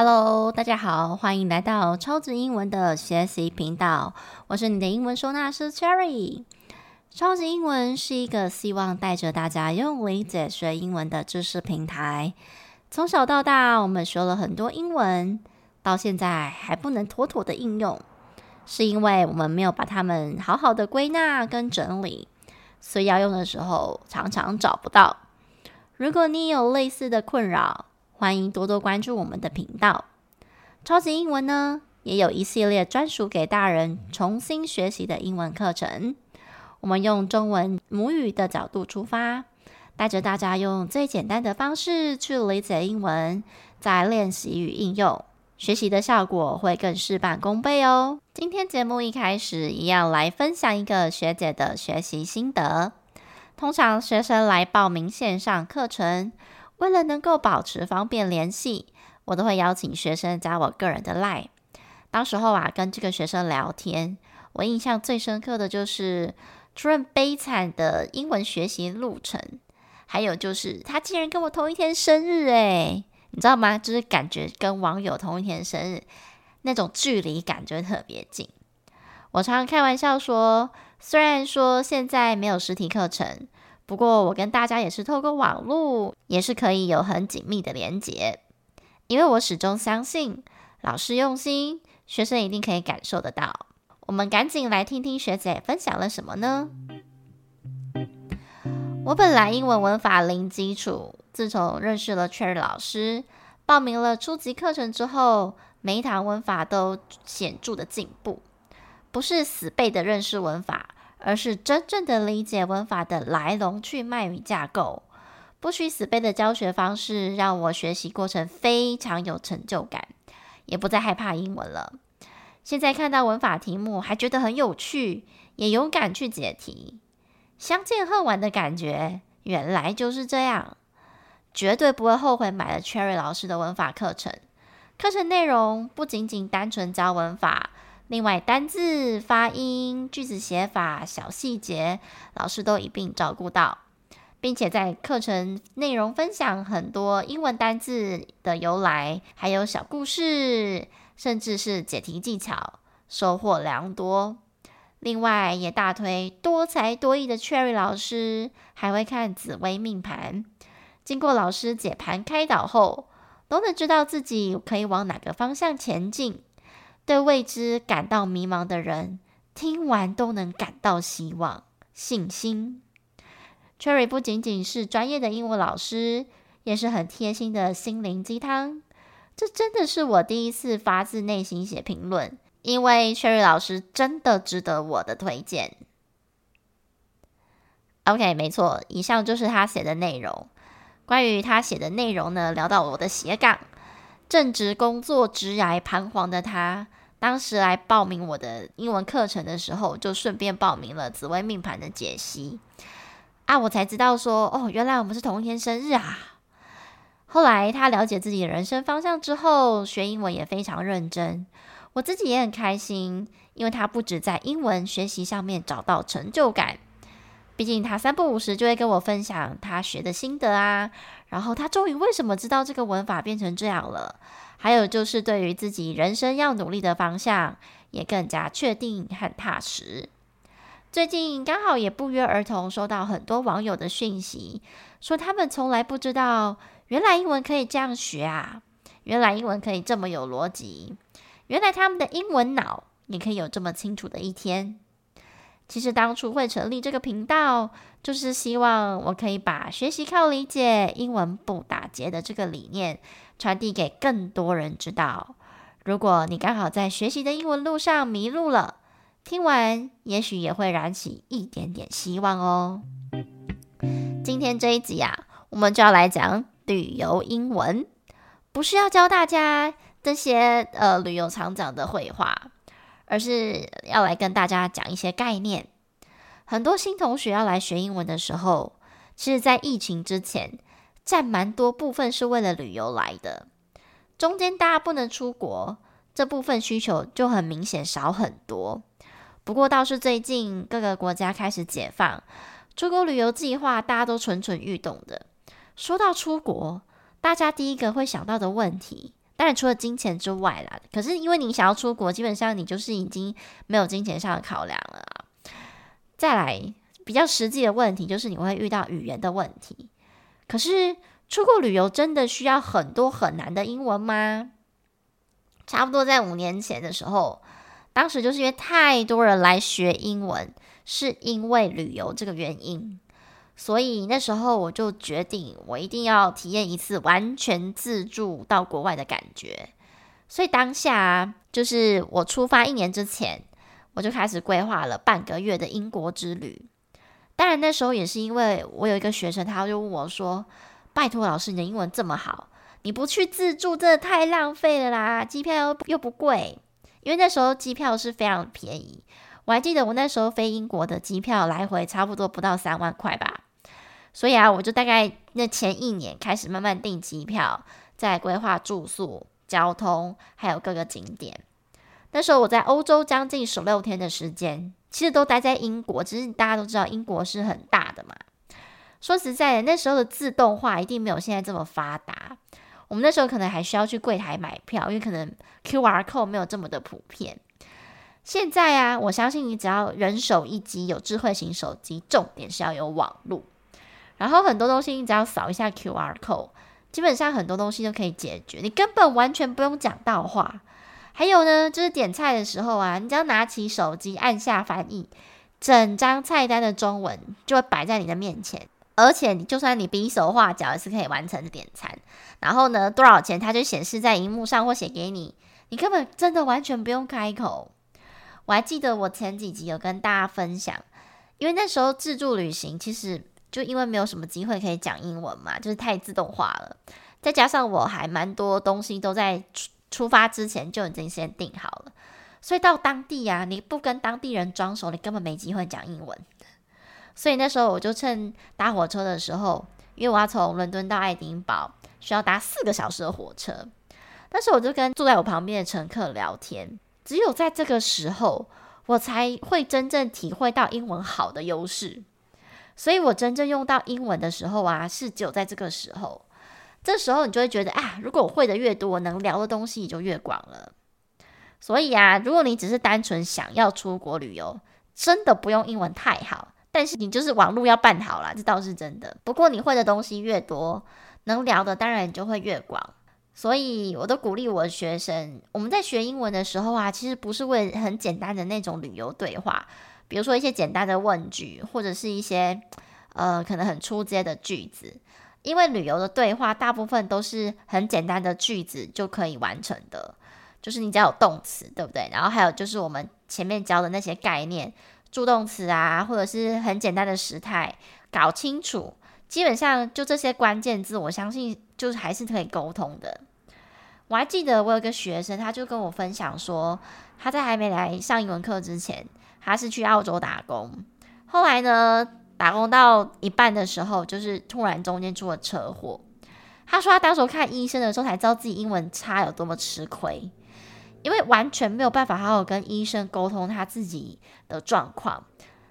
Hello，大家好，歡迎來到超級櫻文的學習頻道。我是你的英文收納師 Cherry。超級櫻文是一個希望帶着大家用理解學英文的知識平台。從小到大，我們學了很多英文，到現在還不能妥妥的應用，是因為我們沒有把它們好好的歸納跟整理，所以要用的時候常常找不到。如果你有類似的困擾，歡迎多多關注我們的頻道。超級櫻文呢，也有一系列專屬給大人重新學習的英文課程。我們用中文母語的角度出發，帶着大家用最簡單的方式去理解英文，再練習與應用，學習的效果會更事半功倍哦。今天節目一開始，一樣來分享一個學姐的學習心得。通常學生來報名線上課程。為了能夠保持方便聯繫，我都會邀請學生加我個人的 LINE。當時候啊，跟這個學生聊天，我印象最深刻的就是主任悲慘的英文學習路程，還有就是他竟然跟我同一天生日，哎，你知道嗎？就是感覺跟網友同一天生日那種距離感就特別近。我常常開玩笑說，雖然說現在沒有實體課程。不過，我跟大家也是透過網絡，也是可以有很緊密的連接，因為我始終相信，老師用心，學生一定可以感受得到。我們趕緊來聽聽學姐分享了什麼呢？我本來英文文法零基礎，自從認識了 Cherry 老師，報名了初級課程之後，每一堂文法都顯著的進步，不是死背的認識文法。而是真正的理解文法的來龍去脈與架構，不需死背的教學方式讓我學習過程非常有成就感，也不再害怕英文了。現在看到文法題目還覺得很有趣，也勇敢去解題。相見恨晚的感覺，原來就是這樣，絕對不會後悔買了 Cherry 老師的文法課程。課程內容不僅僅單純教文法。另外，單字發音、句子寫法、小細節，老師都一併照顧到，並且在課程內容分享很多英文單字的由來，還有小故事，甚至是解題技巧，收穫良多。另外，也大推多才多藝的 Cherry 老師，還會看紫微命盤。經過老師解盤開導後，都能知道自己可以往哪個方向前進。對未知感到迷茫的人，聽完都能感到希望、信心。Cherry 不僅僅是專業的英文老師，也是很貼心的心靈雞湯。這真的是我第一次發自內心寫評論，因為 Cherry 老師真的值得我的推薦。OK，沒錯，以上就是他寫的內容。關於他寫的內容呢，聊到我的寫稿。正值工作職涯彷徨的他，當時來報名我的英文課程的時候，就順便報名了紫微命盤的解析啊，我才知道說，哦，原來我們是同一天生日啊！後來他了解自己的人生方向之後，學英文也非常認真，我自己也很開心，因為他不止在英文學習上面找到成就感。畢竟他三不五時就會跟我分享他學的心得啊，然後他終於為什麼知道這個文法變成這樣了，還有就是對於自己人生要努力的方向也更加確定和踏實。最近剛好也不約而同收到很多網友的訊息，說他們從來不知道原來英文可以這樣學啊，原來英文可以這麼有邏輯，原來他們的英文腦也可以有這麼清楚的一天。其實當初會成立這個頻道，就是希望我可以把“學習靠理解，英文不打結”的這個理念傳遞給更多人知道。如果你剛好在學習的英文路上迷路了，聽完也許也會燃起一點點希望哦。今天這一集啊，我們就要來講旅遊英文，不是要教大家這些呃旅遊常講的會話。而是要來跟大家講一些概念。很多新同學要來學英文的時候，其實，在疫情之前，佔蠻多部分是為了旅遊來的。中間大家不能出國，這部分需求就很明顯少很多。不過，倒是最近各個國家開始解放，出國旅遊計劃，大家都蠢蠢欲動的。說到出國，大家第一個會想到的問題。當然，除了金錢之外啦。可是，因為你想要出國，基本上你就是已經沒有金錢上的考量了。再來，比較實際的問題就是你會遇到語言的問題。可是，出國旅遊真的需要很多很難的英文嗎？差不多在五年前的時候，當時就是因為太多人來學英文，是因為旅遊這個原因。所以那時候我就決定，我一定要體驗一次完全自助到國外的感覺。所以當下啊，就是我出發一年之前，我就開始規劃了半個月的英國之旅。當然那時候也是因為我有一個學生，他就問我說：“拜托老師，你的英文這麼好，你不去自助真的太浪費了啦！機票又又不貴，因為那時候機票是非常便宜。我還記得我那時候飛英國的機票來回差不多不到三萬塊吧。”所以啊，我就大概那前一年開始慢慢訂機票，在規劃住宿、交通，還有各個景點。那時候我在歐洲將近十六天的時間，其實都待在英國。其實大家都知道，英國是很大的嘛。說實在的，那時候的自動化一定沒有現在這麼發達。我們那時候可能還需要去櫃台買票，因為可能 QR code 沒有這麼的普遍。現在啊，我相信你只要人手一機，有智慧型手機，重點是要有網絡。然後很多東西你只要掃一下 QR code，基本上很多東西都可以解決，你根本完全不用講到話。還有呢，就是點菜的時候啊，你只要拿起手機按下翻譯，整張菜單的中文就會擺在你的面前，而且你就算你比手畫腳也是可以完成點餐。然後呢，多少錢它就顯示在熒幕上或寫給你，你根本真的完全不用開口。我還記得我前幾集有跟大家分享，因為那時候自助旅行其實。就因為沒有什麼機會可以講英文嘛，就是太自動化了。再加上我還蠻多東西都在出出發之前就已經先訂好了，所以到當地呀，你不跟當地人裝熟，你根本沒機會講英文。所以那時候我就趁搭火車的時候，因為我要從倫敦到愛丁堡，需要搭四個小時的火車，那時候我就跟坐在我旁邊的乘客聊天。只有在這個時候，我才會真正體會到英文好的優勢。所以我真正用到英文的時候啊，是只有在這個時候。這時候你就會覺得，啊，如果我會的越多，能聊的東西也就越廣了。所以啊，如果你只是單純想要出國旅遊，真的不用英文太好，但是你就是網路要辦好啦，這倒是真的。不過你會的東西越多，能聊的當然就會越廣。所以我都鼓勵我的學生，我們在學英文的時候啊，其實不是為很簡單的那種旅遊對話，比如說一些簡單的問句，或者是一些，呃，可能很初階的句子，因為旅遊的對話大部分都是很簡單的句子就可以完成的，就是你只要有動詞，對不對？然後還有就是我們前面教的那些概念，助動詞啊，或者是很簡單的時態，搞清楚，基本上就這些關鍵字，我相信就是還是可以溝通的。我還記得我有個學生，他就跟我分享說，他在還沒來上英文課之前，他是去澳洲打工。後來呢，打工到一半的時候，就是突然中間出了車禍。他說他當時看醫生的時候才知道自己英文差有多麼吃虧，因為完全沒有辦法好好跟醫生溝通他自己的狀況，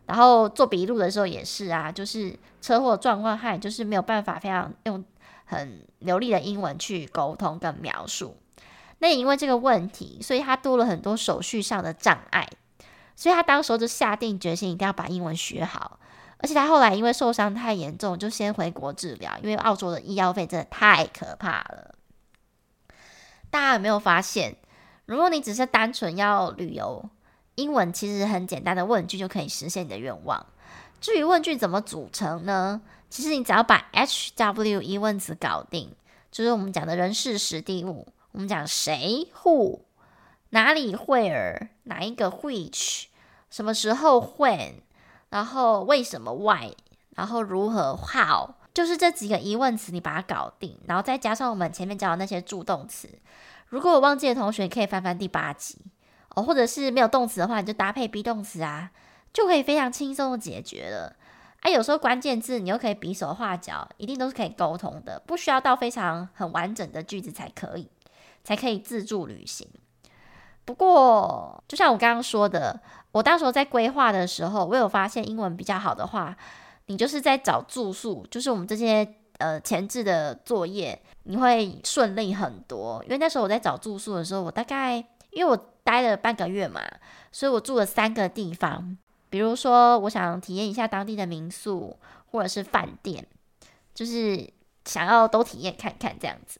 然後做筆錄的時候也是啊，就是車禍狀況，還就是沒有辦法非常用很流利的英文去溝通跟描述，那也因為這個問題，所以他多了很多手續上的障礙，所以他當時就下定決心一定要把英文學好。而且他後來因為受傷太嚴重，就先回國治療，因為澳洲的醫藥費真的太可怕了。大家有沒有發現，如果你只是單純要旅遊，英文其實很簡單的問句就可以實現你的願望。至於問句怎麼組成呢？其實你只要把 H W 疑問詞搞定，就是我們講的人事時地物。我們講誰 Who，哪裡 Where，哪一個 Which，什麼時候 When，然後為什麼 Why，然後如何 How，就是這幾個疑問詞你把它搞定，然後再加上我們前面講的那些助動詞。如果我忘記的同學，你可以翻翻第八集哦，或者是沒有動詞的話，你就搭配 be 動詞啊，就可以非常輕鬆的解決了。哎、啊，有時候關鍵字你又可以比手畫腳，一定都是可以溝通的，不需要到非常很完整的句子才可以，才可以自助旅行。不過，就像我剛剛說的，我當時在規劃的時候，我有發現英文比較好的話，你就是在找住宿，就是我們這些呃前置的作業，你會順利很多。因為那時候我在找住宿的時候，我大概因為我待了半個月嘛，所以我住了三個地方。比如說，我想體驗一下當地的民宿或者是飯店，就是想要都體驗看看這樣子。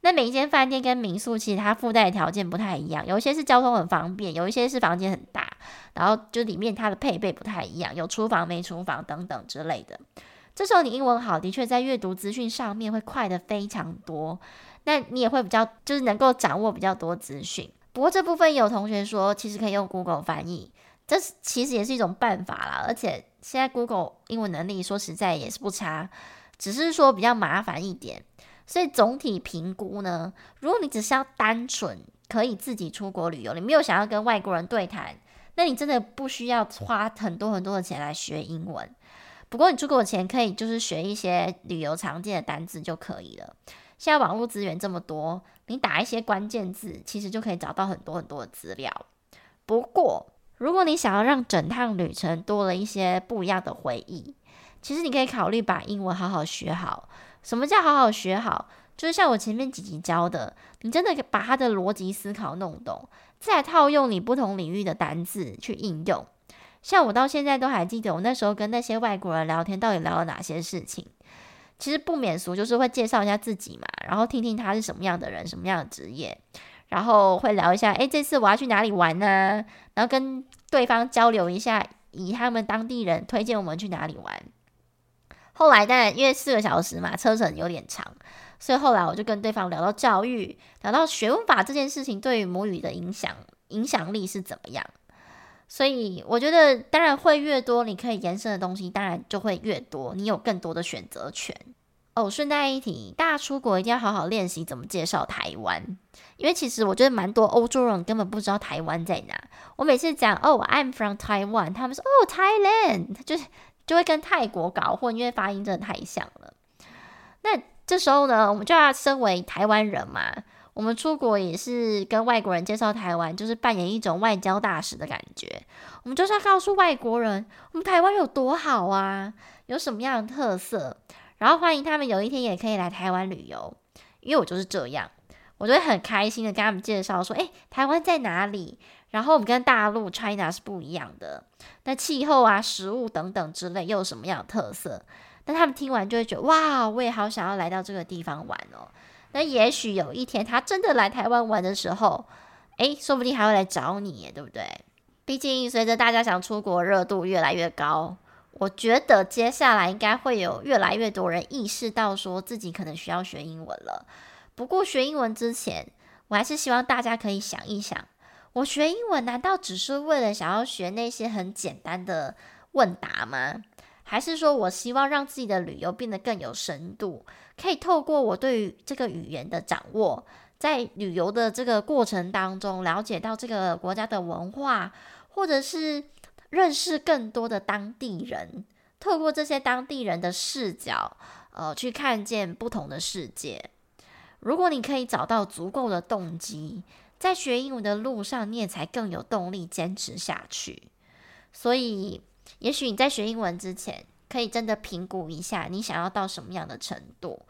那每一間飯店跟民宿，其實它附帶的條件不太一樣。有一些是交通很方便，有一些是房間很大，然後就裡面它的配備不太一樣，有廚房沒廚房等等之類的。這時候你英文好，的確在閱讀資訊上面會快得非常多，那你也會比較就是能夠掌握比較多資訊。不過這部分有同學說，其實可以用 Google 翻譯。這其實也是一種辦法啦，而且現在 Google 英文能力說實在也是不差，只是說比較麻煩一點。所以總體評估呢，如果你只是要單純可以自己出國旅遊，你沒有想要跟外國人對談，那你真的不需要花很多很多的錢來學英文。不過你出國前可以就是學一些旅遊常見的單字就可以了。現在網絡資源這麼多，你打一些關鍵字，其實就可以找到很多很多的資料。不過如果你想要讓整趟旅程多了一些不一樣的回憶，其實你可以考慮把英文好好學好。什麼叫好好學好？就是像我前面幾集教的，你真的把它的邏輯思考弄懂，再套用你不同領域的單字去應用。像我到現在都還記得，我那時候跟那些外國人聊天，到底聊了哪些事情。其實不免俗，就是會介紹一下自己嘛，然後聽聽他是什麼樣的人，什麼樣的職業。然後會聊一下，哎，這次我要去哪裡玩呢？然後跟對方交流一下，以他們當地人推薦我們去哪裡玩。後來，當然因為四個小時嘛，車程有點長，所以後來我就跟對方聊到教育，聊到學文法這件事情對於母語的影響，影響力是怎麼樣。所以我覺得，當然會越多，你可以延伸的東西，當然就會越多，你有更多的選擇權。哦，順帶一提，大家出國一定要好好練習怎麼介紹台灣，因為其實我覺得蠻多歐洲人根本不知道台灣在哪。我每次講，哦，I'm from Taiwan，他們說，哦，Thailand，就是就會跟泰國搞混，因為發音真的太像了。那這時候呢，我們就要身為台灣人嘛，我們出國也是跟外國人介紹台灣，就是扮演一種外交大使的感覺。我們就是要告訴外國人，我們台灣有多好啊，有什麼樣的特色。然後歡迎他們有一天也可以來台灣旅遊，因為我就是這樣，我就會很開心的跟他們介紹說，誒，台灣在哪裡？然後我們跟大陸 China 是不一樣的，那氣候啊、食物等等之類又有什麼樣的特色？但他們聽完就會覺得，哇，我也好想要來到這個地方玩哦。那也許有一天他真的來台灣玩的時候，誒，說不定還會來找你耶，對不對？畢竟隨着大家想出國熱度越來越高。我覺得接下來應該會有越來越多人意識到，說自己可能需要學英文了。不過學英文之前，我還是希望大家可以想一想：我學英文難道只是為了想要學那些很簡單的問答嗎？還是說我希望讓自己的旅遊變得更有深度，可以透過我對於這個語言的掌握，在旅遊的這個過程當中了解到這個國家的文化，或者是……認識更多的當地人，透過這些當地人的視角，呃，去看見不同的世界。如果你可以找到足夠的動機，在學英文的路上，你也才更有動力堅持下去。所以，也許你在學英文之前，可以真的評估一下你想要到什麼樣的程度。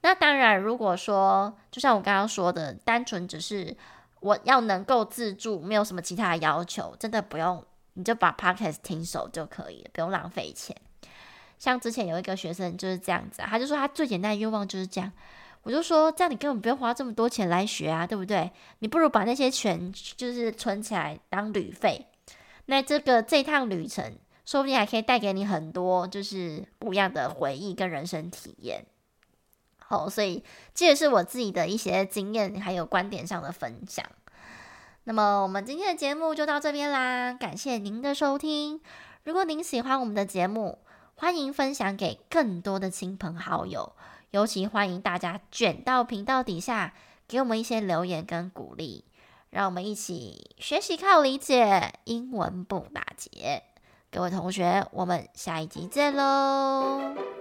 那當然，如果說就像我剛剛說的，單純只是我要能夠自助，沒有什麼其他的要求，真的不用。你就把 Podcast 聽熟就可以了，不用浪費錢。像之前有一個學生就是這樣子啊，他就說他最簡單的願望就是這樣。我就說，這樣你根本不用花這麼多錢來學啊，對不對？你不如把那些錢就是存起來當旅費。那這個這趟旅程說不定還可以帶給你很多就是不一樣的回憶跟人生體驗。好，哦，所以這也是我自己的一些經驗還有觀點上的分享。那麼我們今天的節目就到這邊啦，感謝您的收聽。如果您喜歡我們的節目，歡迎分享給更多的親朋好友，尤其歡迎大家卷到頻道底下給我們一些留言跟鼓勵，讓我們一起學習、靠理解，英文不打結。各位同學，我們下一集見嘍！